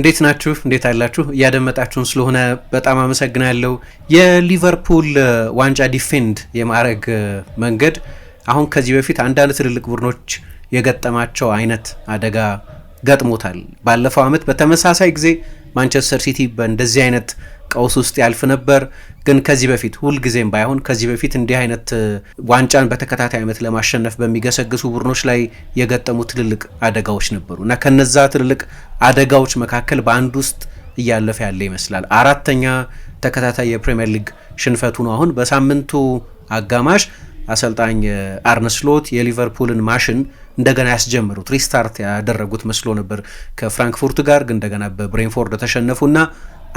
እንዴት ናችሁ? እንዴት አላችሁ? እያደመጣችሁን ስለሆነ በጣም አመሰግናለሁ። የሊቨርፑል ዋንጫ ዲፌንድ የማዕረግ መንገድ አሁን ከዚህ በፊት አንዳንድ ትልልቅ ቡድኖች የገጠማቸው አይነት አደጋ ገጥሞታል። ባለፈው ዓመት በተመሳሳይ ጊዜ ማንቸስተር ሲቲ በእንደዚህ አይነት ቀውስ ውስጥ ያልፍ ነበር። ግን ከዚህ በፊት ሁልጊዜም ባይሆን ከዚህ በፊት እንዲህ አይነት ዋንጫን በተከታታይ ዓመት ለማሸነፍ በሚገሰግሱ ቡድኖች ላይ የገጠሙ ትልልቅ አደጋዎች ነበሩ እና ከነዛ ትልልቅ አደጋዎች መካከል በአንድ ውስጥ እያለፈ ያለ ይመስላል። አራተኛ ተከታታይ የፕሪምየር ሊግ ሽንፈቱ ነው። አሁን በሳምንቱ አጋማሽ አሰልጣኝ አርነስሎት የሊቨርፑልን ማሽን እንደገና ያስጀምሩት ሪስታርት ያደረጉት መስሎ ነበር። ከፍራንክፉርት ጋር ግን እንደገና በብሬንፎርድ ተሸነፉና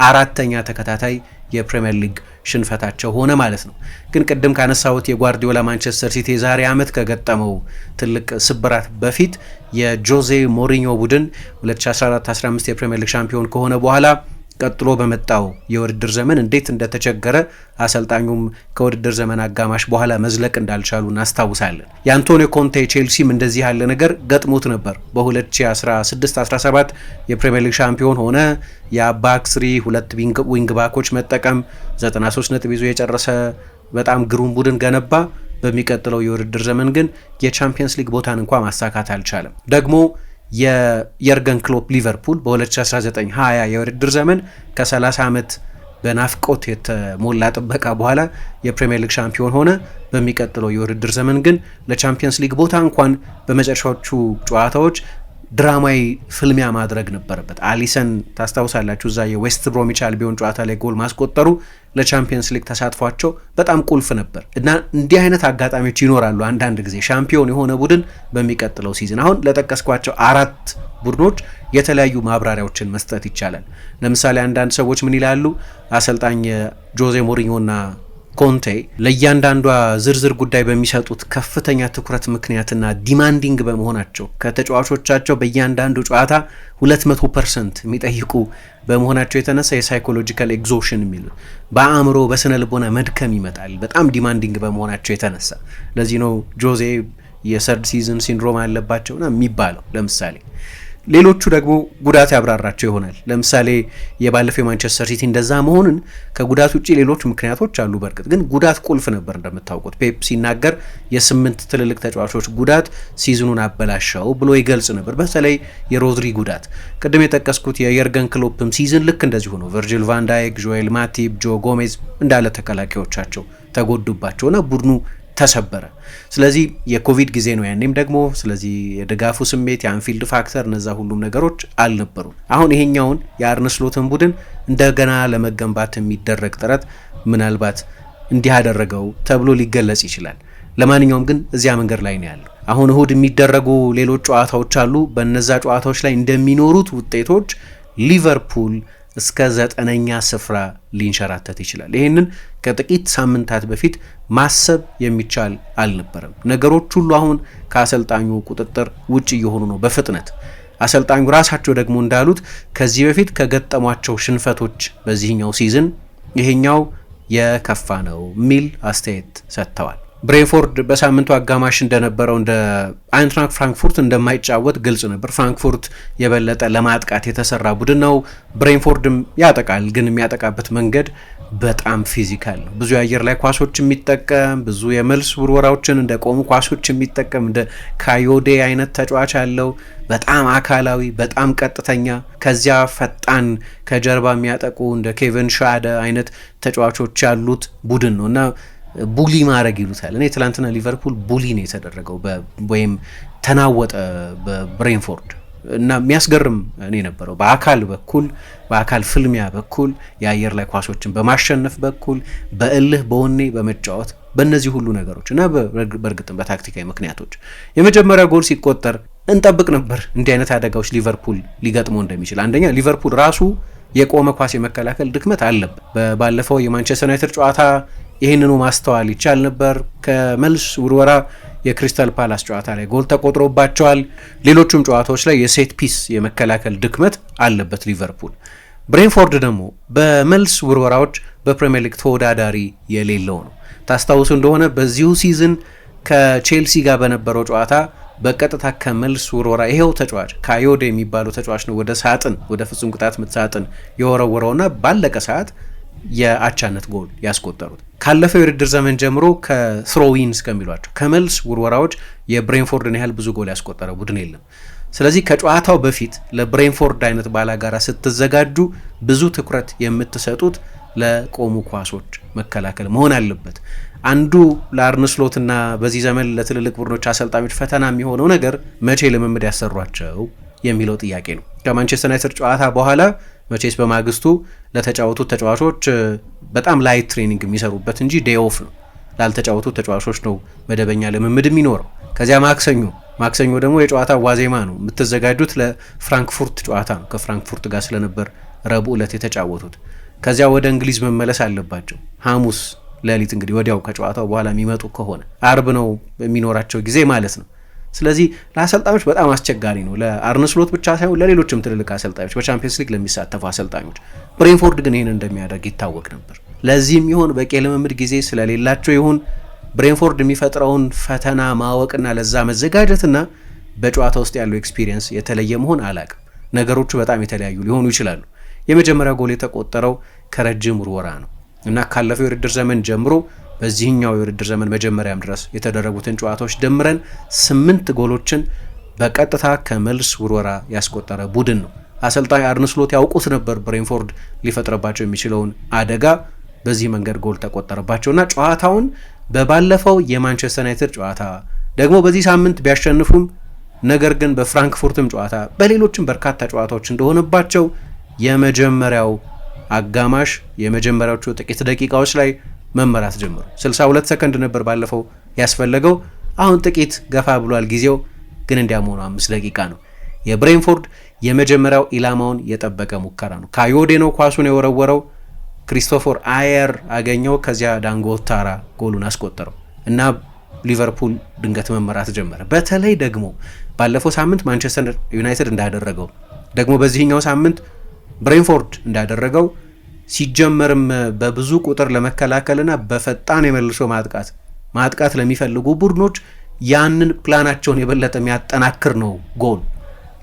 አራተኛ ተከታታይ የፕሪምየር ሊግ ሽንፈታቸው ሆነ ማለት ነው። ግን ቅድም ካነሳሁት የጓርዲዮላ ማንቸስተር ሲቲ የዛሬ ዓመት ከገጠመው ትልቅ ስብራት በፊት የጆዜ ሞሪኞ ቡድን 2014/15 የፕሪምየር ሊግ ሻምፒዮን ከሆነ በኋላ ቀጥሎ በመጣው የውድድር ዘመን እንዴት እንደተቸገረ አሰልጣኙም ከውድድር ዘመን አጋማሽ በኋላ መዝለቅ እንዳልቻሉ እናስታውሳለን። የአንቶኒዮ ኮንቴ ቼልሲም እንደዚህ ያለ ነገር ገጥሞት ነበር። በ2016/17 የፕሪምየር ሊግ ሻምፒዮን ሆነ። የባክ ስሪ ሁለት ዊንግ ባኮች መጠቀም 93 ነጥብ ይዞ የጨረሰ በጣም ግሩም ቡድን ገነባ። በሚቀጥለው የውድድር ዘመን ግን የቻምፒየንስ ሊግ ቦታን እንኳ ማሳካት አልቻለም ደግሞ የየርገን ክሎፕ ሊቨርፑል በ2019 20 የውድድር ዘመን ከ30 ዓመት በናፍቆት የተሞላ ጥበቃ በኋላ የፕሪምየር ሊግ ሻምፒዮን ሆነ። በሚቀጥለው የውድድር ዘመን ግን ለቻምፒየንስ ሊግ ቦታ እንኳን በመጨረሻዎቹ ጨዋታዎች ድራማዊ ፍልሚያ ማድረግ ነበረበት። አሊሰን ታስታውሳላችሁ፣ እዛ የዌስት ብሮሚች አልቢዮን ጨዋታ ላይ ጎል ማስቆጠሩ ለቻምፒየንስ ሊግ ተሳትፏቸው በጣም ቁልፍ ነበር እና እንዲህ አይነት አጋጣሚዎች ይኖራሉ አንዳንድ ጊዜ ሻምፒዮን የሆነ ቡድን በሚቀጥለው ሲዝን። አሁን ለጠቀስኳቸው አራት ቡድኖች የተለያዩ ማብራሪያዎችን መስጠት ይቻላል። ለምሳሌ አንዳንድ ሰዎች ምን ይላሉ አሰልጣኝ ጆዜ ሞሪኞና ኮንቴ ለእያንዳንዷ ዝርዝር ጉዳይ በሚሰጡት ከፍተኛ ትኩረት ምክንያትና ዲማንዲንግ በመሆናቸው ከተጫዋቾቻቸው በእያንዳንዱ ጨዋታ 200 ፐርሰንት የሚጠይቁ በመሆናቸው የተነሳ የሳይኮሎጂካል ኤግዞሽን የሚሉ በአእምሮ በስነ ልቦና መድከም ይመጣል፣ በጣም ዲማንዲንግ በመሆናቸው የተነሳ ለዚህ ነው ጆዜ የሰርድ ሲዝን ሲንድሮም አለባቸውና የሚባለው ለምሳሌ ሌሎቹ ደግሞ ጉዳት ያብራራቸው ይሆናል። ለምሳሌ የባለፈው የማንቸስተር ሲቲ እንደዛ መሆንን ከጉዳት ውጭ ሌሎች ምክንያቶች አሉ። በእርግጥ ግን ጉዳት ቁልፍ ነበር። እንደምታውቁት ፔፕ ሲናገር የስምንት ትልልቅ ተጫዋቾች ጉዳት ሲዝኑን አበላሻው ብሎ ይገልጽ ነበር። በተለይ የሮድሪ ጉዳት፣ ቅድም የጠቀስኩት የየርገን ክሎፕም ሲዝን ልክ እንደዚሁ ነው። ቨርጅል ቫንዳይክ፣ ጆኤል ማቲብ፣ ጆ ጎሜዝ እንዳለ ተከላካዮቻቸው ተጎዱባቸውና ቡድኑ ተሰበረ። ስለዚህ የኮቪድ ጊዜ ነው ያኔም ደግሞ ስለዚህ የድጋፉ ስሜት የአንፊልድ ፋክተር እነዛ ሁሉም ነገሮች አልነበሩም። አሁን ይሄኛውን የአርነ ስሎትን ቡድን እንደገና ለመገንባት የሚደረግ ጥረት ምናልባት እንዲህ አደረገው ተብሎ ሊገለጽ ይችላል። ለማንኛውም ግን እዚያ መንገድ ላይ ነው ያለው። አሁን እሁድ የሚደረጉ ሌሎች ጨዋታዎች አሉ። በነዛ ጨዋታዎች ላይ እንደሚኖሩት ውጤቶች ሊቨርፑል እስከ ዘጠነኛ ስፍራ ሊንሸራተት ይችላል። ይህንን ከጥቂት ሳምንታት በፊት ማሰብ የሚቻል አልነበረም። ነገሮች ሁሉ አሁን ከአሰልጣኙ ቁጥጥር ውጭ እየሆኑ ነው በፍጥነት አሰልጣኙ ራሳቸው ደግሞ እንዳሉት ከዚህ በፊት ከገጠሟቸው ሽንፈቶች በዚህኛው ሲዝን ይሄኛው የከፋ ነው የሚል አስተያየት ሰጥተዋል። ብሬንፎርድ በሳምንቱ አጋማሽ እንደነበረው እንደ አይንትራክ ፍራንክፉርት እንደማይጫወት ግልጽ ነበር። ፍራንክፉርት የበለጠ ለማጥቃት የተሰራ ቡድን ነው። ብሬንፎርድም ያጠቃል፣ ግን የሚያጠቃበት መንገድ በጣም ፊዚካል ነው። ብዙ የአየር ላይ ኳሶች የሚጠቀም ብዙ የመልስ ውርወራዎችን እንደ ቆሙ ኳሶች የሚጠቀም እንደ ካዮዴ አይነት ተጫዋች አለው። በጣም አካላዊ፣ በጣም ቀጥተኛ፣ ከዚያ ፈጣን ከጀርባ የሚያጠቁ እንደ ኬቨን ሻደ አይነት ተጫዋቾች ያሉት ቡድን ነው እና ቡሊ ማድረግ ይሉታል። እኔ ትላንትና ሊቨርፑል ቡሊ ነው የተደረገው ወይም ተናወጠ በብሬንፎርድ እና የሚያስገርም እኔ ነበረው በአካል በኩል በአካል ፍልሚያ በኩል የአየር ላይ ኳሶችን በማሸነፍ በኩል በእልህ በወኔ በመጫወት በእነዚህ ሁሉ ነገሮች እና በእርግጥም በታክቲካዊ ምክንያቶች የመጀመሪያ ጎል ሲቆጠር እንጠብቅ ነበር እንዲህ አይነት አደጋዎች ሊቨርፑል ሊገጥመው እንደሚችል። አንደኛ ሊቨርፑል ራሱ የቆመ ኳስ የመከላከል ድክመት አለበት። ባለፈው የማንቸስተር ዩናይትድ ጨዋታ ይህንኑ ማስተዋል ይቻል ነበር። ከመልስ ውርወራ የክሪስታል ፓላስ ጨዋታ ላይ ጎል ተቆጥሮባቸዋል። ሌሎቹም ጨዋታዎች ላይ የሴት ፒስ የመከላከል ድክመት አለበት ሊቨርፑል። ብሬንፎርድ ደግሞ በመልስ ውርወራዎች በፕሪምየር ሊግ ተወዳዳሪ የሌለው ነው። ታስታውሱ እንደሆነ በዚሁ ሲዝን ከቼልሲ ጋር በነበረው ጨዋታ በቀጥታ ከመልስ ውርወራ ይሄው ተጫዋች ካዮዴ የሚባለው ተጫዋች ነው ወደ ሳጥን ወደ ፍጹም ቅጣት ምት ሳጥን የወረወረውና ባለቀ ሰዓት የአቻነት ጎል ያስቆጠሩት። ካለፈው የውድድር ዘመን ጀምሮ ከስሮዊን ከሚሏቸው ከመልስ ውርወራዎች የብሬንፎርድን ያህል ብዙ ጎል ያስቆጠረ ቡድን የለም። ስለዚህ ከጨዋታው በፊት ለብሬንፎርድ አይነት ባላጋራ ስትዘጋጁ ብዙ ትኩረት የምትሰጡት ለቆሙ ኳሶች መከላከል መሆን አለበት። አንዱ ለአርንስሎትና በዚህ ዘመን ለትልልቅ ቡድኖች አሰልጣኞች ፈተና የሚሆነው ነገር መቼ ልምምድ ያሰሯቸው የሚለው ጥያቄ ነው። ከማንቸስተር ዩናይትድ ጨዋታ በኋላ መቼስ በማግስቱ ለተጫወቱት ተጫዋቾች በጣም ላይት ትሬኒንግ የሚሰሩበት እንጂ ዴይ ኦፍ ነው። ላልተጫወቱት ተጫዋቾች ነው መደበኛ ልምምድ የሚኖረው። ከዚያ ማክሰኞ ማክሰኞ ደግሞ የጨዋታ ዋዜማ ነው የምትዘጋጁት ለፍራንክፉርት ጨዋታ ነው። ከፍራንክፉርት ጋር ስለነበር ረቡዕ ዕለት የተጫወቱት። ከዚያ ወደ እንግሊዝ መመለስ አለባቸው። ሐሙስ ሌሊት እንግዲህ ወዲያው ከጨዋታው በኋላ የሚመጡ ከሆነ አርብ ነው የሚኖራቸው ጊዜ ማለት ነው። ስለዚህ ለአሰልጣኞች በጣም አስቸጋሪ ነው። ለአርነስሎት ብቻ ሳይሆን ለሌሎችም ትልልቅ አሰልጣኞች፣ በቻምፒየንስ ሊግ ለሚሳተፉ አሰልጣኞች። ብሬንፎርድ ግን ይህን እንደሚያደርግ ይታወቅ ነበር። ለዚህም ይሆን በቂ ልምምድ ጊዜ ስለሌላቸው ይሁን ብሬንፎርድ የሚፈጥረውን ፈተና ማወቅና ለዛ መዘጋጀትና በጨዋታ ውስጥ ያለው ኤክስፒሪየንስ የተለየ መሆን አላቅም። ነገሮቹ በጣም የተለያዩ ሊሆኑ ይችላሉ። የመጀመሪያ ጎል የተቆጠረው ከረጅም ውርወራ ነው እና ካለፈው የውድድር ዘመን ጀምሮ በዚህኛው የውድድር ዘመን መጀመሪያም ድረስ የተደረጉትን ጨዋታዎች ደምረን ስምንት ጎሎችን በቀጥታ ከመልስ ውርወራ ያስቆጠረ ቡድን ነው። አሰልጣኝ አርንስሎት ያውቁት ነበር ብሬንፎርድ ሊፈጥረባቸው የሚችለውን አደጋ። በዚህ መንገድ ጎል ተቆጠረባቸውና ጨዋታውን በባለፈው የማንቸስተር ዩናይትድ ጨዋታ ደግሞ በዚህ ሳምንት ቢያሸንፉም ነገር ግን በፍራንክፉርትም ጨዋታ በሌሎችም በርካታ ጨዋታዎች እንደሆነባቸው የመጀመሪያው አጋማሽ የመጀመሪያዎቹ ጥቂት ደቂቃዎች ላይ መመራት ጀመሩ። 62 ሰከንድ ነበር ባለፈው ያስፈለገው። አሁን ጥቂት ገፋ ብሏል ጊዜው ግን እንዲያም ሆኖ አምስት ደቂቃ ነው። የብሬንፎርድ የመጀመሪያው ኢላማውን የጠበቀ ሙከራ ነው። ካዮዴ ነው ኳሱን የወረወረው። ክሪስቶፈር አየር አገኘው። ከዚያ ዳንጎታራ ጎሉን አስቆጠረው እና ሊቨርፑል ድንገት መመራት ጀመረ። በተለይ ደግሞ ባለፈው ሳምንት ማንቸስተር ዩናይትድ እንዳደረገው ደግሞ በዚህኛው ሳምንት ብሬንፎርድ እንዳደረገው ሲጀመርም በብዙ ቁጥር ለመከላከልና በፈጣን የመልሶ ማጥቃት ማጥቃት ለሚፈልጉ ቡድኖች ያንን ፕላናቸውን የበለጠ የሚያጠናክር ነው ጎል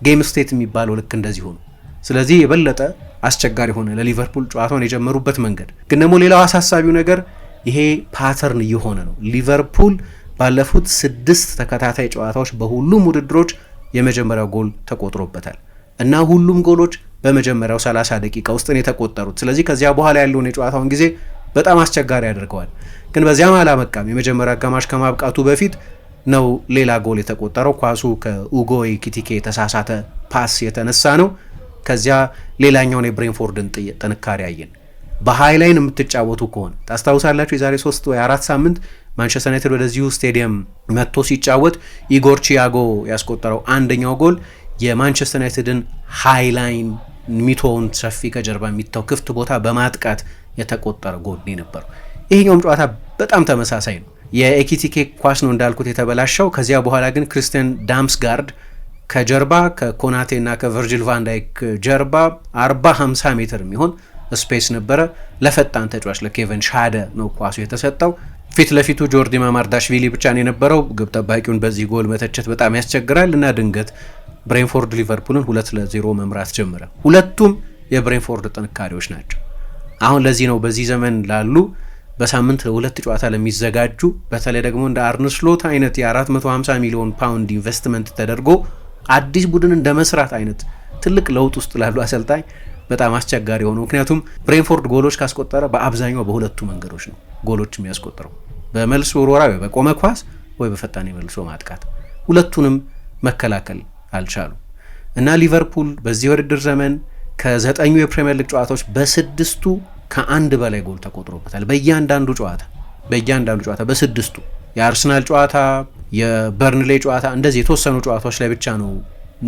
ጌም ስቴት የሚባለው ልክ እንደዚህ ሆኑ። ስለዚህ የበለጠ አስቸጋሪ ሆነ ለሊቨርፑል ጨዋታውን የጀመሩበት መንገድ። ግን ደግሞ ሌላው አሳሳቢው ነገር ይሄ ፓተርን እየሆነ ነው። ሊቨርፑል ባለፉት ስድስት ተከታታይ ጨዋታዎች በሁሉም ውድድሮች የመጀመሪያው ጎል ተቆጥሮበታል እና ሁሉም ጎሎች በመጀመሪያው 30 ደቂቃ ውስጥ ነው የተቆጠሩት። ስለዚህ ከዚያ በኋላ ያለውን የጨዋታውን ጊዜ በጣም አስቸጋሪ አድርገዋል። ግን በዚያም አላበቃም። የመጀመሪያ አጋማሽ ከማብቃቱ በፊት ነው ሌላ ጎል የተቆጠረው። ኳሱ ከኡጎ ኪቲኬ የተሳሳተ ፓስ የተነሳ ነው። ከዚያ ሌላኛውን የብሬንፎርድን ጥንካሬ አየን። በሀይ የምትጫወቱ ከሆነ ታስታውሳላችሁ፣ የዛሬ ሶስት ወይ አራት ሳምንት ማንቸስተር ዩናይትድ ወደዚሁ ስቴዲየም መጥቶ ሲጫወት ኢጎር ቺያጎ ያስቆጠረው አንደኛው ጎል የማንቸስተር ዩናይትድን ሃይላይን ሚቶውን ሰፊ ከጀርባ የሚታው ክፍት ቦታ በማጥቃት የተቆጠረ ጎል ነበረው። ይሄኛውም ጨዋታ በጣም ተመሳሳይ ነው። የኤኪቲኬ ኳስ ነው እንዳልኩት የተበላሸው። ከዚያ በኋላ ግን ክርስቲያን ዳምስጋርድ ከጀርባ ከኮናቴ እና ከቨርጂል ቫንዳይክ ጀርባ 40 50 ሜትር የሚሆን ስፔስ ነበረ። ለፈጣን ተጫዋች ለኬቨን ሻደ ነው ኳሱ የተሰጠው። ፊት ለፊቱ ጆርዲ ማማርዳሽቪሊ ብቻ ነው የነበረው። ግብ ጠባቂውን በዚህ ጎል መተቸት በጣም ያስቸግራል እና ድንገት ብሬንፎርድ ሊቨርፑልን ሁለት ለዜሮ መምራት ጀመረ። ሁለቱም የብሬንፎርድ ጥንካሬዎች ናቸው። አሁን ለዚህ ነው በዚህ ዘመን ላሉ በሳምንት ሁለት ጨዋታ ለሚዘጋጁ በተለይ ደግሞ እንደ አርንስሎት አይነት የ450 ሚሊዮን ፓውንድ ኢንቨስትመንት ተደርጎ አዲስ ቡድን እንደ መስራት አይነት ትልቅ ለውጥ ውስጥ ላሉ አሰልጣኝ በጣም አስቸጋሪ የሆነው። ምክንያቱም ብሬንፎርድ ጎሎች ካስቆጠረ በአብዛኛው በሁለቱ መንገዶች ነው ጎሎች የሚያስቆጥረው፣ በመልስ ውርወራ፣ በቆመ ኳስ ወይ በፈጣን የመልሶ ማጥቃት። ሁለቱንም መከላከል አልቻሉም እና ሊቨርፑል በዚህ የውድድር ዘመን ከዘጠኙ የፕሪምየር ሊግ ጨዋታዎች በስድስቱ ከአንድ በላይ ጎል ተቆጥሮበታል። በእያንዳንዱ ጨዋታ በእያንዳንዱ ጨዋታ በስድስቱ የአርሰናል ጨዋታ፣ የበርንሌ ጨዋታ እንደዚህ የተወሰኑ ጨዋታዎች ላይ ብቻ ነው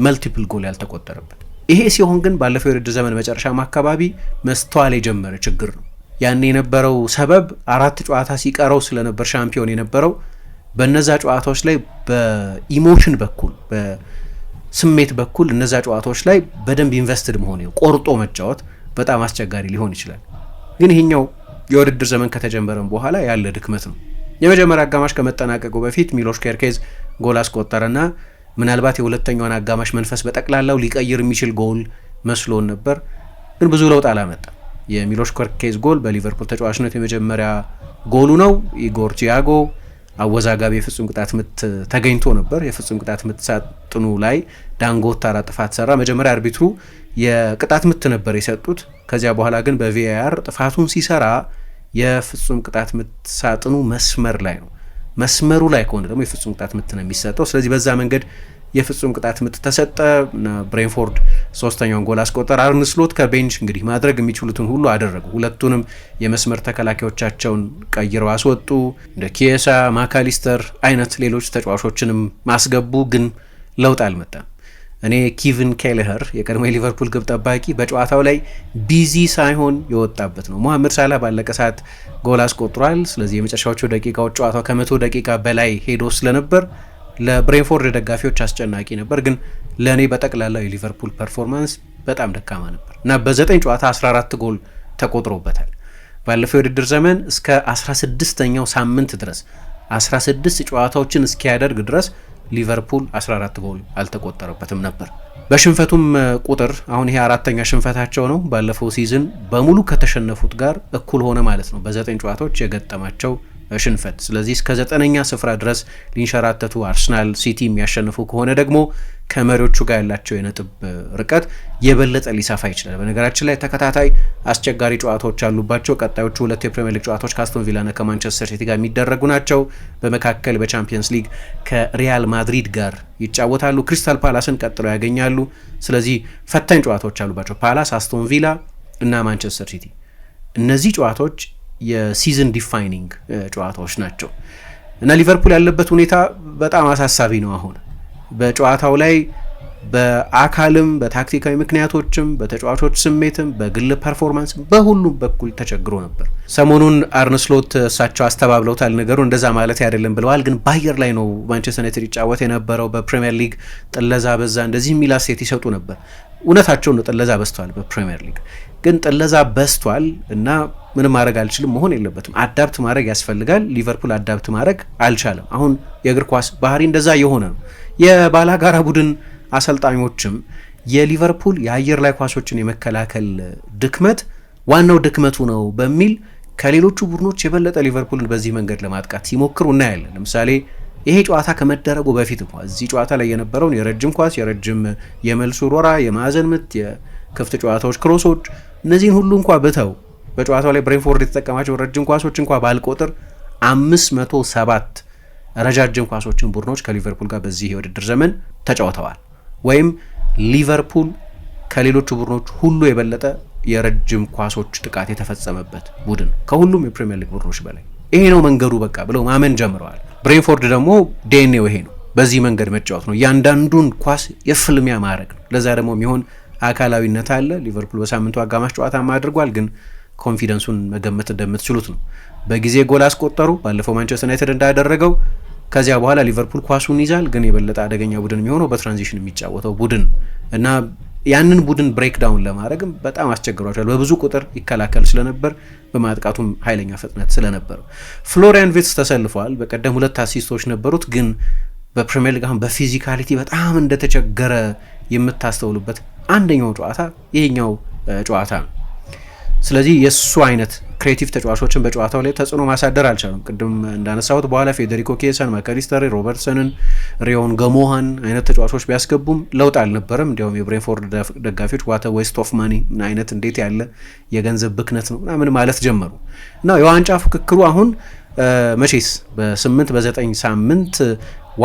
መልቲፕል ጎል ያልተቆጠረበት። ይሄ ሲሆን ግን ባለፈው የውድድር ዘመን መጨረሻም አካባቢ መስተዋል የጀመረ ችግር ነው። ያን የነበረው ሰበብ አራት ጨዋታ ሲቀረው ስለነበር ሻምፒዮን የነበረው በነዛ ጨዋታዎች ላይ በኢሞሽን በኩል ስሜት በኩል እነዛ ጨዋታዎች ላይ በደንብ ኢንቨስትድ መሆን ቆርጦ መጫወት በጣም አስቸጋሪ ሊሆን ይችላል። ግን ይህኛው የውድድር ዘመን ከተጀመረም በኋላ ያለ ድክመት ነው። የመጀመሪያ አጋማሽ ከመጠናቀቁ በፊት ሚሎሽ ኬርኬዝ ጎል አስቆጠረና ምናልባት የሁለተኛውን አጋማሽ መንፈስ በጠቅላላው ሊቀይር የሚችል ጎል መስሎን ነበር፣ ግን ብዙ ለውጥ አላመጣም። የሚሎሽ ኬርኬዝ ጎል በሊቨርፑል ተጫዋችነት የመጀመሪያ ጎሉ ነው። ኢጎር ቲያጎ አወዛጋቢ የፍጹም ቅጣት ምት ተገኝቶ ነበር። የፍጹም ቅጣት ምት ሳጥኑ ላይ ዳንጎት ጥፋት ሰራ። መጀመሪያ አርቢትሩ የቅጣት ምት ነበር የሰጡት። ከዚያ በኋላ ግን በቪአር ጥፋቱን ሲሰራ የፍጹም ቅጣት ምት ሳጥኑ መስመር ላይ ነው። መስመሩ ላይ ከሆነ ደግሞ የፍጹም ቅጣት ምት ነው የሚሰጠው። ስለዚህ በዛ መንገድ የፍጹም ቅጣት ምት ተሰጠ። ብሬንፎርድ ሶስተኛውን ጎል አስቆጠር። አርን ስሎት ከቤንች እንግዲህ ማድረግ የሚችሉትን ሁሉ አደረጉ። ሁለቱንም የመስመር ተከላካዮቻቸውን ቀይረው አስወጡ። እንደ ኪየሳ ማካሊስተር አይነት ሌሎች ተጫዋቾችንም ማስገቡ፣ ግን ለውጥ አልመጣም። እኔ ኪቭን ኬልህር የቀድሞ የሊቨርፑል ግብ ጠባቂ በጨዋታው ላይ ቢዚ ሳይሆን የወጣበት ነው። ሞሐመድ ሳላ ባለቀ ሰዓት ጎል አስቆጥሯል። ስለዚህ የመጨረሻዎቹ ደቂቃዎች ጨዋታው ከመቶ ደቂቃ በላይ ሄዶ ስለነበር ለብሬንፎርድ ደጋፊዎች አስጨናቂ ነበር፣ ግን ለእኔ በጠቅላላው የሊቨርፑል ፐርፎርማንስ በጣም ደካማ ነበር እና በዘጠኝ ጨዋታ 14 ጎል ተቆጥሮበታል። ባለፈው የውድድር ዘመን እስከ 16ኛው ሳምንት ድረስ 16 ጨዋታዎችን እስኪያደርግ ድረስ ሊቨርፑል 14 ጎል አልተቆጠረበትም ነበር። በሽንፈቱም ቁጥር አሁን ይሄ አራተኛ ሽንፈታቸው ነው። ባለፈው ሲዝን በሙሉ ከተሸነፉት ጋር እኩል ሆነ ማለት ነው በዘጠኝ ጨዋታዎች የገጠማቸው ሽንፈት። ስለዚህ እስከ ዘጠነኛ ስፍራ ድረስ ሊንሸራተቱ አርሰናል ሲቲ የሚያሸንፉ ከሆነ ደግሞ ከመሪዎቹ ጋር ያላቸው የነጥብ ርቀት የበለጠ ሊሰፋ ይችላል። በነገራችን ላይ ተከታታይ አስቸጋሪ ጨዋታዎች ያሉባቸው ቀጣዮቹ ሁለት የፕሪሚየር ሊግ ጨዋታዎች ከአስቶን ቪላና ከማንቸስተር ሲቲ ጋር የሚደረጉ ናቸው። በመካከል በቻምፒየንስ ሊግ ከሪያል ማድሪድ ጋር ይጫወታሉ። ክሪስታል ፓላስን ቀጥለው ያገኛሉ። ስለዚህ ፈታኝ ጨዋታዎች አሉባቸው ፓላስ፣ አስቶን ቪላ እና ማንቸስተር ሲቲ እነዚህ ጨዋታዎች የሲዝን ዲፋይኒንግ ጨዋታዎች ናቸው እና ሊቨርፑል ያለበት ሁኔታ በጣም አሳሳቢ ነው። አሁን በጨዋታው ላይ በአካልም በታክቲካዊ ምክንያቶችም በተጫዋቾች ስሜትም በግል ፐርፎርማንስ በሁሉም በኩል ተቸግሮ ነበር። ሰሞኑን አርንስሎት እሳቸው አስተባብለውታል። ነገሩ እንደዛ ማለት አይደለም ብለዋል። ግን ባየር ላይ ነው ማንቸስተር ዩናይትድ ይጫወት የነበረው። በፕሪምየር ሊግ ጥለዛ በዛ፣ እንደዚህ የሚል አስተያየት ይሰጡ ነበር። እውነታቸውን ነው። ጥለዛ በዝቷል። በፕሪምየር ሊግ ግን ጥለዛ በዝቷል እና ምንም ማድረግ አልችልም መሆን የለበትም። አዳፕት ማድረግ ያስፈልጋል። ሊቨርፑል አዳፕት ማድረግ አልቻለም። አሁን የእግር ኳስ ባህሪ እንደዛ የሆነ ነው። የባላጋራ ቡድን አሰልጣኞችም የሊቨርፑል የአየር ላይ ኳሶችን የመከላከል ድክመት ዋናው ድክመቱ ነው በሚል ከሌሎቹ ቡድኖች የበለጠ ሊቨርፑልን በዚህ መንገድ ለማጥቃት ሲሞክሩ እናያለን። ለምሳሌ ይሄ ጨዋታ ከመደረጉ በፊት እንኳ እዚህ ጨዋታ ላይ የነበረውን የረጅም ኳስ፣ የረጅም የመልሱ ሮራ፣ የማዕዘን ምት፣ የክፍት ጨዋታዎች፣ ክሮሶች እነዚህን ሁሉ እንኳ ብተው በጨዋታው ላይ ብሬንፎርድ የተጠቀማቸው ረጅም ኳሶች እንኳ ባልቆጥር ሰባት ረጃጅም ኳሶችን ቡድኖች ከሊቨርፑል ጋር በዚህ የውድድር ዘመን ተጫውተዋል። ወይም ሊቨርፑል ከሌሎቹ ቡድኖች ሁሉ የበለጠ የረጅም ኳሶች ጥቃት የተፈጸመበት ቡድን ከሁሉም የፕሪምየር ሊግ ቡድኖች በላይ ይሄ ነው መንገዱ በቃ ብለው ማመን ጀምረዋል። ብሬንፎርድ ደግሞ ዴኔው ይሄ ነው፣ በዚህ መንገድ መጫወት ነው፣ እያንዳንዱን ኳስ የፍልሚያ ማድረግ ነው። ለዛ ደግሞ የሚሆን አካላዊነት አለ። ሊቨርፑል በሳምንቱ አጋማሽ ጨዋታም አድርጓል ግን ኮንፊደንሱን መገመት እንደምትችሉት ነው። በጊዜ ጎል አስቆጠሩ። ባለፈው ማንቸስተር ዩናይትድ እንዳደረገው ከዚያ በኋላ ሊቨርፑል ኳሱን ይዛል፣ ግን የበለጠ አደገኛ ቡድን የሚሆነው በትራንዚሽን የሚጫወተው ቡድን እና ያንን ቡድን ብሬክዳውን ለማድረግም በጣም አስቸግሯቸዋል። በብዙ ቁጥር ይከላከል ስለነበር በማጥቃቱም ኃይለኛ ፍጥነት ስለነበረው ፍሎሪያን ቪትስ ተሰልፏል። በቀደም ሁለት አሲስቶች ነበሩት፣ ግን በፕሪሚየር ሊግ አሁን በፊዚካሊቲ በጣም እንደተቸገረ የምታስተውሉበት አንደኛው ጨዋታ ይሄኛው ጨዋታ ነው። ስለዚህ የእሱ አይነት ክሬቲቭ ተጫዋቾችን በጨዋታው ላይ ተጽዕኖ ማሳደር አልቻሉም። ቅድም እንዳነሳሁት በኋላ ፌዴሪኮ ኬሰን፣ መካሊስተር፣ ሮበርትሰንን፣ ሪዮን ገሞሃን አይነት ተጫዋቾች ቢያስገቡም ለውጥ አልነበረም። እንዲያውም የብሬንፎርድ ደጋፊዎች ዋተ ዌስት ኦፍ ማኒ አይነት እንዴት ያለ የገንዘብ ብክነት ነው ምናምን ማለት ጀመሩ እና የዋንጫ ፍክክሩ አሁን መቼስ በስምንት በዘጠኝ ሳምንት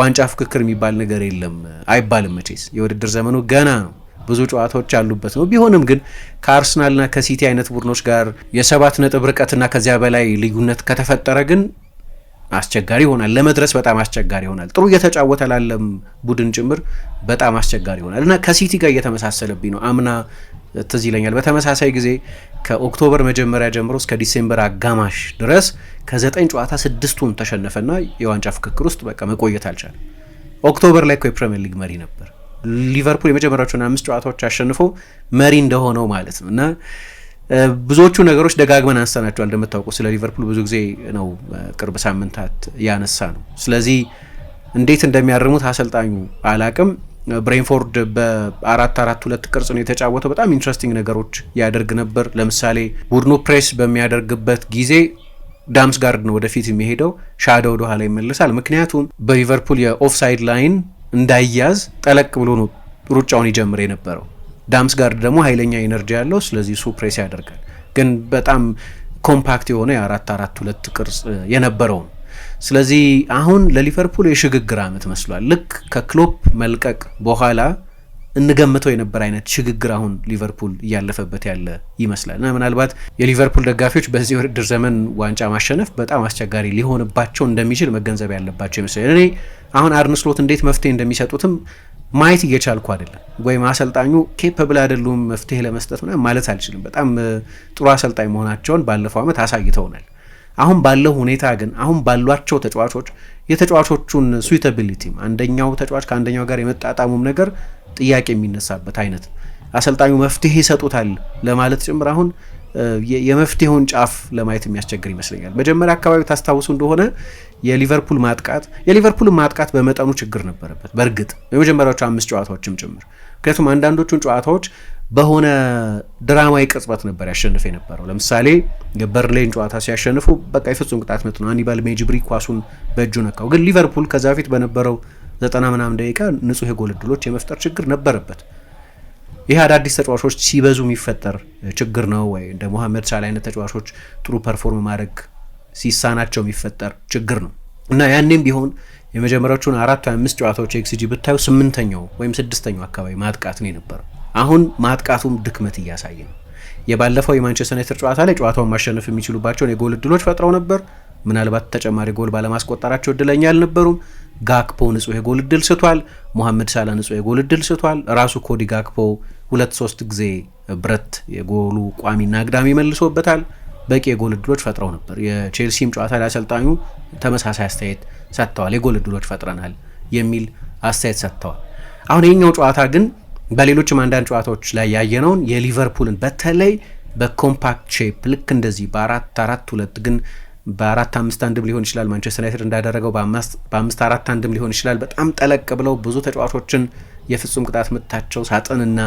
ዋንጫ ፍክክር የሚባል ነገር የለም አይባልም። መቼስ የውድድር ዘመኑ ገና ነው። ብዙ ጨዋታዎች ያሉበት ነው። ቢሆንም ግን ከአርሰናልና ከሲቲ አይነት ቡድኖች ጋር የሰባት ነጥብ ርቀትና ከዚያ በላይ ልዩነት ከተፈጠረ ግን አስቸጋሪ ይሆናል። ለመድረስ በጣም አስቸጋሪ ይሆናል። ጥሩ እየተጫወተ ላለም ቡድን ጭምር በጣም አስቸጋሪ ይሆናል እና ከሲቲ ጋር እየተመሳሰለብኝ ነው። አምና ትዝ ይለኛል በተመሳሳይ ጊዜ ከኦክቶበር መጀመሪያ ጀምሮ እስከ ዲሴምበር አጋማሽ ድረስ ከዘጠኝ ጨዋታ ስድስቱን ተሸነፈና የዋንጫ ፍክክር ውስጥ በቃ መቆየት አልቻለም። ኦክቶበር ላይ እኮ የፕሪምየር ሊግ መሪ ነበር። ሊቨርፑል የመጀመሪያዎቹን አምስት ጨዋታዎች አሸንፎ መሪ እንደሆነው ማለት ነው እና ብዙዎቹ ነገሮች ደጋግመን አንስተናቸዋል። እንደምታውቁ ስለ ሊቨርፑል ብዙ ጊዜ ነው ቅርብ ሳምንታት ያነሳ ነው። ስለዚህ እንዴት እንደሚያርሙት አሰልጣኙ አላቅም። ብሬንፎርድ በአራት አራት ሁለት ቅርጽ ነው የተጫወተው። በጣም ኢንትረስቲንግ ነገሮች ያደርግ ነበር። ለምሳሌ ቡድኑ ፕሬስ በሚያደርግበት ጊዜ ዳምስ ጋርድ ነው ወደፊት የሚሄደው፣ ሻደ ወደኋላ ይመልሳል። ምክንያቱም በሊቨርፑል የኦፍሳይድ ላይን እንዳያዝ ጠለቅ ብሎ ነው ሩጫውን ይጀምር የነበረው። ዳምስ ጋር ደግሞ ኃይለኛ ኢነርጂ ያለው ስለዚህ እሱ ፕሬስ ያደርጋል። ግን በጣም ኮምፓክት የሆነ የአራት አራት ሁለት ቅርጽ የነበረው ነው። ስለዚህ አሁን ለሊቨርፑል የሽግግር ዓመት መስሏል። ልክ ከክሎፕ መልቀቅ በኋላ እንገምተው የነበር አይነት ሽግግር አሁን ሊቨርፑል እያለፈበት ያለ ይመስላል እና ምናልባት የሊቨርፑል ደጋፊዎች በዚህ ውድድር ዘመን ዋንጫ ማሸነፍ በጣም አስቸጋሪ ሊሆንባቸው እንደሚችል መገንዘብ ያለባቸው ይመስላል እኔ አሁን አርንስሎት እንዴት መፍትሄ እንደሚሰጡትም ማየት እየቻልኩ አይደለም፣ ወይም አሰልጣኙ ኬፐብል አይደሉም መፍትሄ ለመስጠት ምናምን ማለት አልችልም። በጣም ጥሩ አሰልጣኝ መሆናቸውን ባለፈው ዓመት አሳይተውናል። አሁን ባለው ሁኔታ ግን አሁን ባሏቸው ተጫዋቾች የተጫዋቾቹን ስዊተቢሊቲም አንደኛው ተጫዋች ከአንደኛው ጋር የመጣጣሙም ነገር ጥያቄ የሚነሳበት አይነት አሰልጣኙ መፍትሄ ይሰጡታል ለማለት ጭምር አሁን የመፍትሄውን ጫፍ ለማየት የሚያስቸግር ይመስለኛል። መጀመሪያ አካባቢ ታስታውሱ እንደሆነ የሊቨርፑል ማጥቃት የሊቨርፑል ማጥቃት በመጠኑ ችግር ነበረበት። በእርግጥ የመጀመሪያዎቹ አምስት ጨዋታዎችም ጭምር ምክንያቱም አንዳንዶቹን ጨዋታዎች በሆነ ድራማዊ ቅጽበት ነበር ያሸንፍ የነበረው። ለምሳሌ የበርሌን ጨዋታ ሲያሸንፉ በቃ የፍጹም ቅጣት ምት ነው፣ አኒባል ሜጅብሪ ኳሱን በእጁ ነካው። ግን ሊቨርፑል ከዛ በፊት በነበረው ዘጠና ምናምን ደቂቃ ንጹህ የጎል እድሎች የመፍጠር ችግር ነበረበት። ይህ አዳዲስ ተጫዋቾች ሲበዙ የሚፈጠር ችግር ነው ወይ እንደ ሞሐመድ ሳላ አይነት ተጫዋቾች ጥሩ ፐርፎርም ማድረግ ሲሳናቸው የሚፈጠር ችግር ነው እና ያኔም ቢሆን የመጀመሪያዎቹን አራት ወይ አምስት ጨዋታዎች ኤክስጂ ብታዩ ስምንተኛው ወይም ስድስተኛው አካባቢ ማጥቃት ነው የነበረው። አሁን ማጥቃቱም ድክመት እያሳየ ነው። የባለፈው የማንቸስተር ዩናይትድ ጨዋታ ላይ ጨዋታውን ማሸነፍ የሚችሉባቸውን የጎል እድሎች ፈጥረው ነበር። ምናልባት ተጨማሪ ጎል ባለማስቆጠራቸው እድለኛ አልነበሩም። ጋክፖ ንጹህ የጎል እድል ስቷል። ሞሐመድ ሳላ ንጹህ የጎል እድል ስቷል። ራሱ ኮዲ ጋክፖ ሁለት ሶስት ጊዜ ብረት የጎሉ ቋሚና አግዳሚ መልሶበታል። በቂ የጎል እድሎች ፈጥረው ነበር። የቼልሲም ጨዋታ ላይ አሰልጣኙ ተመሳሳይ አስተያየት ሰጥተዋል። የጎል እድሎች ፈጥረናል የሚል አስተያየት ሰጥተዋል። አሁን የኛው ጨዋታ ግን በሌሎችም አንዳንድ ጨዋታዎች ላይ ያየነውን የሊቨርፑልን በተለይ በኮምፓክት ሼፕ ልክ እንደዚህ በአራት አራት ሁለት ግን በአራት አምስት አንድም ሊሆን ይችላል። ማንቸስተር ዩናይትድ እንዳደረገው በአምስት አራት አንድም ሊሆን ይችላል። በጣም ጠለቅ ብለው ብዙ ተጫዋቾችን የፍጹም ቅጣት ምታቸው ሳጥንና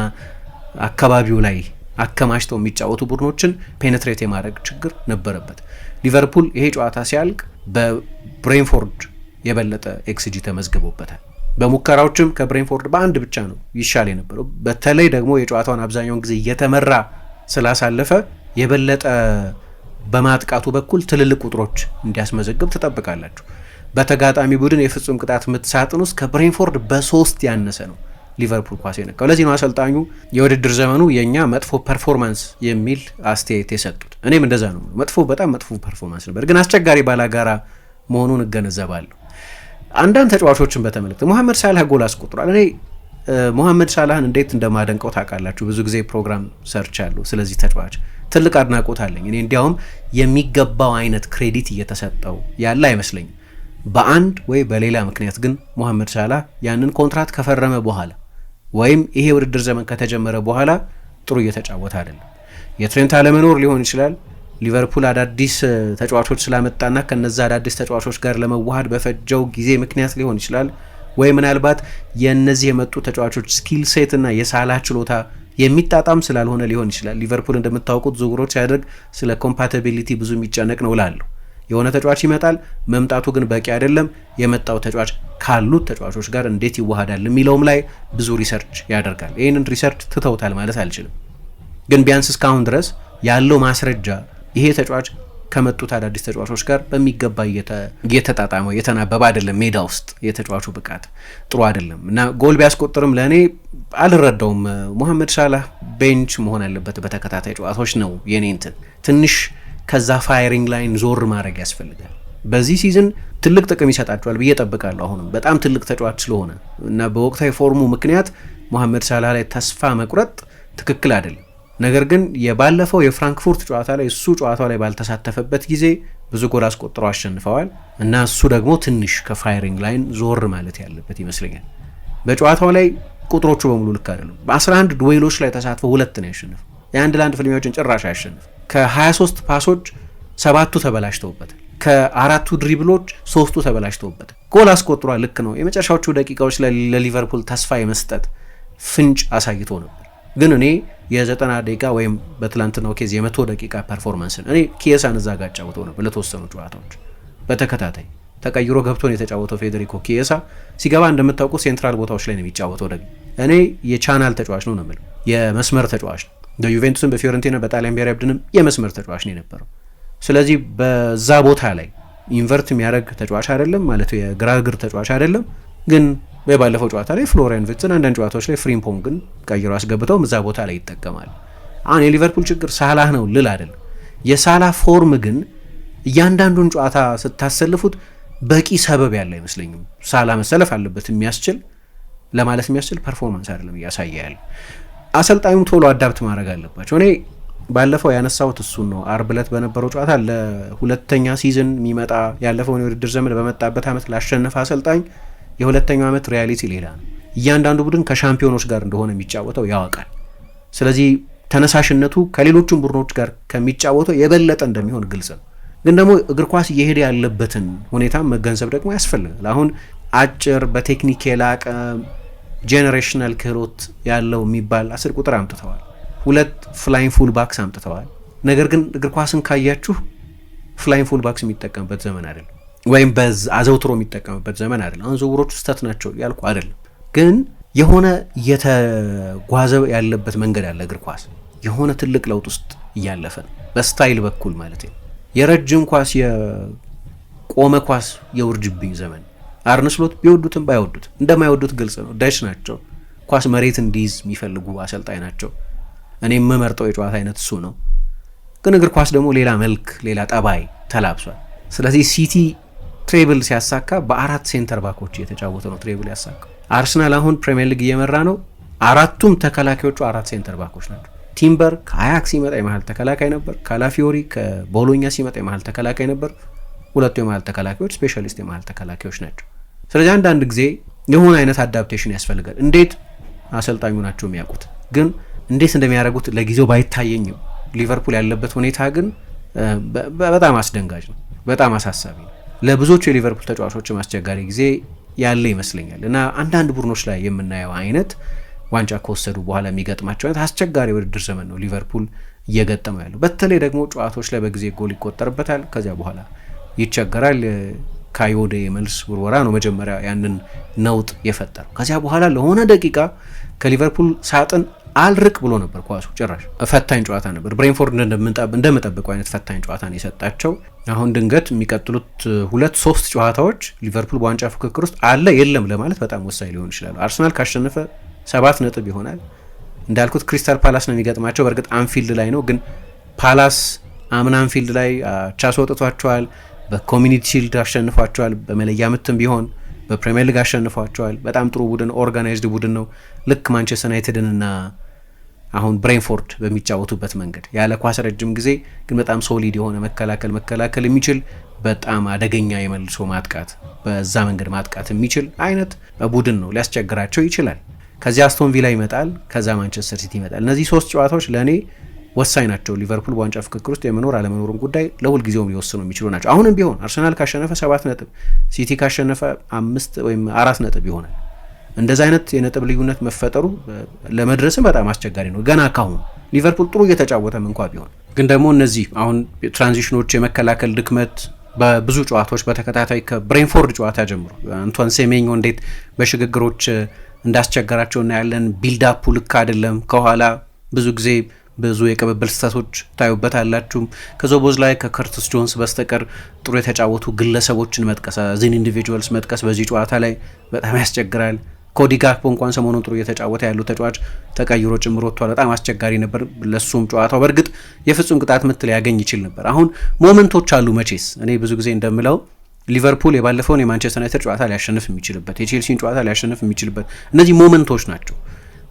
አካባቢው ላይ አከማችተው የሚጫወቱ ቡድኖችን ፔኔትሬት የማድረግ ችግር ነበረበት። ሊቨርፑል ይሄ ጨዋታ ሲያልቅ በብሬንፎርድ የበለጠ ኤክስጂ ተመዝግቦበታል። በሙከራዎችም ከብሬንፎርድ በአንድ ብቻ ነው ይሻል የነበረው። በተለይ ደግሞ የጨዋታውን አብዛኛውን ጊዜ እየተመራ ስላሳለፈ የበለጠ በማጥቃቱ በኩል ትልልቅ ቁጥሮች እንዲያስመዘግብ ትጠብቃላችሁ። በተጋጣሚ ቡድን የፍጹም ቅጣት ምት ሳጥን ውስጥ ከብሬንፎርድ በሶስት ያነሰ ነው። ሊቨርፑል ኳስ የነካው። ለዚህ ነው አሰልጣኙ የውድድር ዘመኑ የእኛ መጥፎ ፐርፎርማንስ የሚል አስተያየት የሰጡት። እኔም እንደዛ ነው። መጥፎ በጣም መጥፎ ፐርፎርማንስ ነበር፣ ግን አስቸጋሪ ባላጋራ መሆኑን እገነዘባለሁ። አንዳንድ ተጫዋቾችን በተመለከተ መሐመድ ሳላህ ጎል አስቆጥሯል። እኔ መሐመድ ሳላህን እንዴት እንደማደንቀው ታውቃላችሁ። ብዙ ጊዜ ፕሮግራም ሰርች አለሁ ስለዚህ ተጫዋች ትልቅ አድናቆት አለኝ። እኔ እንዲያውም የሚገባው አይነት ክሬዲት እየተሰጠው ያለ አይመስለኝም። በአንድ ወይ በሌላ ምክንያት ግን መሐመድ ሳላህ ያንን ኮንትራት ከፈረመ በኋላ ወይም ይሄ ውድድር ዘመን ከተጀመረ በኋላ ጥሩ እየተጫወተ አይደለም። የትሬንት አለመኖር ሊሆን ይችላል። ሊቨርፑል አዳዲስ ተጫዋቾች ስላመጣና ከነዛ አዳዲስ ተጫዋቾች ጋር ለመዋሃድ በፈጀው ጊዜ ምክንያት ሊሆን ይችላል። ወይ ምናልባት የእነዚህ የመጡ ተጫዋቾች ስኪል ሴት እና የሳላ ችሎታ የሚጣጣም ስላልሆነ ሊሆን ይችላል። ሊቨርፑል እንደምታውቁት ዝውውሮች ሲያደርግ ስለ ኮምፓቲቢሊቲ ብዙ የሚጨነቅ ነው ላለሁ የሆነ ተጫዋች ይመጣል። መምጣቱ ግን በቂ አይደለም። የመጣው ተጫዋች ካሉት ተጫዋቾች ጋር እንዴት ይዋሃዳል የሚለውም ላይ ብዙ ሪሰርች ያደርጋል። ይህንን ሪሰርች ትተውታል ማለት አልችልም፣ ግን ቢያንስ እስካሁን ድረስ ያለው ማስረጃ ይሄ ተጫዋች ከመጡት አዳዲስ ተጫዋቾች ጋር በሚገባ እየተጣጣመ የተናበበ አይደለም። ሜዳ ውስጥ የተጫዋቹ ብቃት ጥሩ አይደለም እና ጎል ቢያስቆጥርም ለእኔ አልረዳውም። ሙሐመድ ሳላህ ቤንች መሆን አለበት በተከታታይ ጨዋታዎች ነው የኔ እንትን ትንሽ ከዛ ፋይሪንግ ላይን ዞር ማድረግ ያስፈልጋል። በዚህ ሲዝን ትልቅ ጥቅም ይሰጣቸዋል ብዬ ጠብቃለሁ። አሁንም በጣም ትልቅ ተጫዋች ስለሆነ እና በወቅታዊ ፎርሙ ምክንያት ሞሐመድ ሳላ ላይ ተስፋ መቁረጥ ትክክል አይደለም። ነገር ግን የባለፈው የፍራንክፉርት ጨዋታ ላይ እሱ ጨዋታው ላይ ባልተሳተፈበት ጊዜ ብዙ ጎል አስቆጥሮ አሸንፈዋል እና እሱ ደግሞ ትንሽ ከፋይሪንግ ላይን ዞር ማለት ያለበት ይመስለኛል። በጨዋታው ላይ ቁጥሮቹ በሙሉ ልክ አይደሉም። በ11 ዱዌሎች ላይ ተሳትፎ ሁለት ነው ያሸንፈው የአንድ ለአንድ ፍልሚያዎችን ጭራሽ አያሸንፍ። ከ23 ፓሶች ሰባቱ ተበላሽተውበት፣ ከአራቱ ድሪብሎች ሶስቱ ተበላሽተውበት ጎል አስቆጥሯ ልክ ነው። የመጨረሻዎቹ ደቂቃዎች ለሊቨርፑል ተስፋ የመስጠት ፍንጭ አሳይቶ ነበር። ግን እኔ የዘጠና ደቂቃ ወይም በትላንትናው ኬዝ የመቶ ደቂቃ ፐርፎርማንስን እኔ ኪየሳን እዛ ጋር ጫወተው ነበር። ለተወሰኑ ጨዋታዎች በተከታታይ ተቀይሮ ገብቶ ነው የተጫወተው ፌዴሪኮ ኪየሳ። ሲገባ እንደምታውቁ ሴንትራል ቦታዎች ላይ ነው የሚጫወተው። ደግሞ እኔ የቻናል ተጫዋች ነው ነው የምለው፣ የመስመር ተጫዋች ነው። በዩቬንቱስም በፊዮረንቲና በጣሊያን ብሔራዊ ቡድንም የመስመር ተጫዋች ነው የነበረው። ስለዚህ በዛ ቦታ ላይ ኢንቨርት የሚያደርግ ተጫዋች አይደለም ማለት የግራ እግር ተጫዋች አይደለም። ግን የባለፈው ጨዋታ ላይ ፍሎሪያን ቪርትዝን አንዳንድ ጨዋታዎች ላይ ፍሪምፖንግን ቀይሮ አስገብተውም እዛ ቦታ ላይ ይጠቀማል። አሁን የሊቨርፑል ችግር ሳላህ ነው ልል አይደለም። የሳላህ ፎርም ግን እያንዳንዱን ጨዋታ ስታሰልፉት በቂ ሰበብ ያለ አይመስለኝም። ሳላ መሰለፍ አለበት የሚያስችል ለማለት የሚያስችል ፐርፎርማንስ አይደለም እያሳየ ያለ አሰልጣኙም ቶሎ አዳብት ማድረግ አለባቸው። እኔ ባለፈው ያነሳሁት እሱን ነው። አርብ ዕለት በነበረው ጨዋታ ለሁለተኛ ሲዝን የሚመጣ ያለፈውን የውድድር ዘመን በመጣበት ዓመት ላሸነፈ አሰልጣኝ የሁለተኛው ዓመት ሪያሊቲ ሌላ ነው። እያንዳንዱ ቡድን ከሻምፒዮኖች ጋር እንደሆነ የሚጫወተው ያወቃል። ስለዚህ ተነሳሽነቱ ከሌሎቹም ቡድኖች ጋር ከሚጫወተው የበለጠ እንደሚሆን ግልጽ ነው። ግን ደግሞ እግር ኳስ እየሄደ ያለበትን ሁኔታ መገንዘብ ደግሞ ያስፈልጋል። አሁን አጭር በቴክኒክ የላቀ ጄኔሬሽናል ክህሎት ያለው የሚባል አስር ቁጥር አምጥተዋል። ሁለት ፍላይን ፉል ባክስ አምጥተዋል። ነገር ግን እግር ኳስን ካያችሁ ፍላይን ፉል ባክስ የሚጠቀምበት ዘመን አይደለም፣ ወይም አዘውትሮ የሚጠቀምበት ዘመን አይደለም። አሁን ዝውውሮቹ ስህተት ናቸው ያልኩ አይደለም፣ ግን የሆነ የተጓዘ ያለበት መንገድ አለ። እግር ኳስ የሆነ ትልቅ ለውጥ ውስጥ እያለፈ ነው፣ በስታይል በኩል ማለት ነው። የረጅም ኳስ የቆመ ኳስ የውርጅብኝ ዘመን አርነ ስሎት ቢወዱትም ባይወዱት እንደማይወዱት ግልጽ ነው። ዳሽ ናቸው። ኳስ መሬት እንዲይዝ የሚፈልጉ አሰልጣኝ ናቸው። እኔ የምመርጠው የጨዋታ አይነት እሱ ነው። ግን እግር ኳስ ደግሞ ሌላ መልክ፣ ሌላ ጠባይ ተላብሷል። ስለዚህ ሲቲ ትሬብል ሲያሳካ በአራት ሴንተር ባኮች እየተጫወተ ነው ትሬብል ያሳካ። አርሰናል አሁን ፕሪሚየር ሊግ እየመራ ነው። አራቱም ተከላካዮቹ አራት ሴንተር ባኮች ናቸው። ቲምበር ከአያክ ሲመጣ የመሀል ተከላካይ ነበር። ካላፊዮሪ ከቦሎኛ ሲመጣ የመሀል ተከላካይ ነበር። ሁለቱ የመሀል ተከላካዮች ስፔሻሊስት የመሀል ተከላካዮች ናቸው። ስለዚህ አንዳንድ ጊዜ የሆነ አይነት አዳፕቴሽን ያስፈልጋል። እንዴት አሰልጣኙ ናቸው የሚያውቁት፣ ግን እንዴት እንደሚያደርጉት ለጊዜው ባይታየኝም ሊቨርፑል ያለበት ሁኔታ ግን በጣም አስደንጋጭ ነው፣ በጣም አሳሳቢ ነው። ለብዙዎቹ የሊቨርፑል ተጫዋቾችም አስቸጋሪ ጊዜ ያለ ይመስለኛል እና አንዳንድ ቡድኖች ላይ የምናየው አይነት ዋንጫ ከወሰዱ በኋላ የሚገጥማቸው አይነት አስቸጋሪ ውድድር ዘመን ነው ሊቨርፑል እየገጠመው ያለው። በተለይ ደግሞ ጨዋታዎች ላይ በጊዜ ጎል ይቆጠርበታል፣ ከዚያ በኋላ ይቸገራል። ካዮዴ የመልስ ውርወራ ነው መጀመሪያ ያንን ነውጥ የፈጠረው። ከዚያ በኋላ ለሆነ ደቂቃ ከሊቨርፑል ሳጥን አልርቅ ብሎ ነበር ኳሱ። ጭራሽ ፈታኝ ጨዋታ ነበር። ብሬንፎርድ እንደምጠብቀው አይነት ፈታኝ ጨዋታ ነው የሰጣቸው። አሁን ድንገት የሚቀጥሉት ሁለት ሶስት ጨዋታዎች ሊቨርፑል በዋንጫ ፍክክር ውስጥ አለ የለም ለማለት በጣም ወሳኝ ሊሆን ይችላሉ። አርሰናል ካሸነፈ ሰባት ነጥብ ይሆናል። እንዳልኩት ክሪስታል ፓላስ ነው የሚገጥማቸው። በእርግጥ አንፊልድ ላይ ነው፣ ግን ፓላስ አምና አንፊልድ ላይ ቻስ ወጥቷቸዋል። በኮሚኒቲ ሺልድ አሸንፏቸዋል። በመለያ ምትም ቢሆን በፕሪምየር ሊግ አሸንፏቸዋል። በጣም ጥሩ ቡድን፣ ኦርጋናይዝድ ቡድን ነው። ልክ ማንቸስተር ዩናይትድን አሁን ብሬንፎርድ በሚጫወቱበት መንገድ ያለ ኳስ ረጅም ጊዜ ግን በጣም ሶሊድ የሆነ መከላከል መከላከል የሚችል በጣም አደገኛ የመልሶ ማጥቃት በዛ መንገድ ማጥቃት የሚችል አይነት ቡድን ነው። ሊያስቸግራቸው ይችላል። ከዚያ አስቶን ቪላ ይመጣል። ከዛ ማንቸስተር ሲቲ ይመጣል። እነዚህ ሶስት ጨዋታዎች ለእኔ ወሳኝ ናቸው። ሊቨርፑል በዋንጫ ፍክክር ውስጥ የመኖር አለመኖሩን ጉዳይ ለሁልጊዜውም ሊወስኑ የሚችሉ ናቸው። አሁንም ቢሆን አርሰናል ካሸነፈ ሰባት ነጥብ፣ ሲቲ ካሸነፈ አምስት ወይም አራት ነጥብ ይሆናል። እንደዚ አይነት የነጥብ ልዩነት መፈጠሩ ለመድረስም በጣም አስቸጋሪ ነው። ገና ካሁን ሊቨርፑል ጥሩ እየተጫወተም እንኳ ቢሆን ግን ደግሞ እነዚህ አሁን ትራንዚሽኖች፣ የመከላከል ድክመት በብዙ ጨዋታዎች በተከታታይ ከብሬንፎርድ ጨዋታ ጀምሮ አንቶን ሴሜኞ እንዴት በሽግግሮች እንዳስቸገራቸው እናያለን። ቢልዳፑ ልክ አይደለም። ከኋላ ብዙ ጊዜ ብዙ የቅብብል ስህተቶች ታዩበታላችሁ። ከዞቦዝ ላይ ከከርትስ ጆንስ በስተቀር ጥሩ የተጫወቱ ግለሰቦችን መጥቀስ ዚን ኢንዲቪጁዋልስ መጥቀስ በዚህ ጨዋታ ላይ በጣም ያስቸግራል። ኮዲ ጋክፖ እንኳን ሰሞኑን ጥሩ እየተጫወተ ያሉ ተጫዋች ተቀይሮ ጭምር ወጥቷል። በጣም አስቸጋሪ ነበር ለሱም ጨዋታው። በእርግጥ የፍጹም ቅጣት ምት ሊያገኝ ይችል ነበር። አሁን ሞመንቶች አሉ መቼስ። እኔ ብዙ ጊዜ እንደምለው ሊቨርፑል የባለፈውን የማንቸስተር ዩናይትድ ጨዋታ ሊያሸንፍ የሚችልበት፣ የቼልሲን ጨዋታ ሊያሸንፍ የሚችልበት እነዚህ ሞመንቶች ናቸው።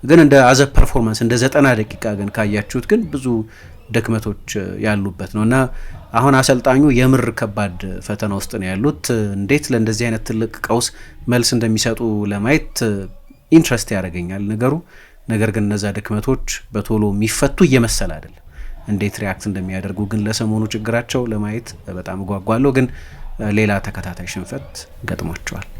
ግን እንደ አዘ ፐርፎርማንስ እንደ ዘጠና ደቂቃ ግን ካያችሁት ግን ብዙ ድክመቶች uh, ያሉበት ነው እና አሁን አሰልጣኙ የምር ከባድ ፈተና ውስጥ ነው ያሉት። እንዴት ለእንደዚህ አይነት ትልቅ ቀውስ መልስ እንደሚሰጡ ለማየት ኢንትረስት uh, ያደርገኛል ነገሩ። ነገር ግን እነዛ ድክመቶች በቶሎ የሚፈቱ እየመሰል አይደለም። እንዴት ሪያክት እንደሚያደርጉ ግን ለሰሞኑ ችግራቸው ለማየት በጣም እጓጓለሁ። ግን uh, ሌላ ተከታታይ ሽንፈት ገጥሟቸዋል።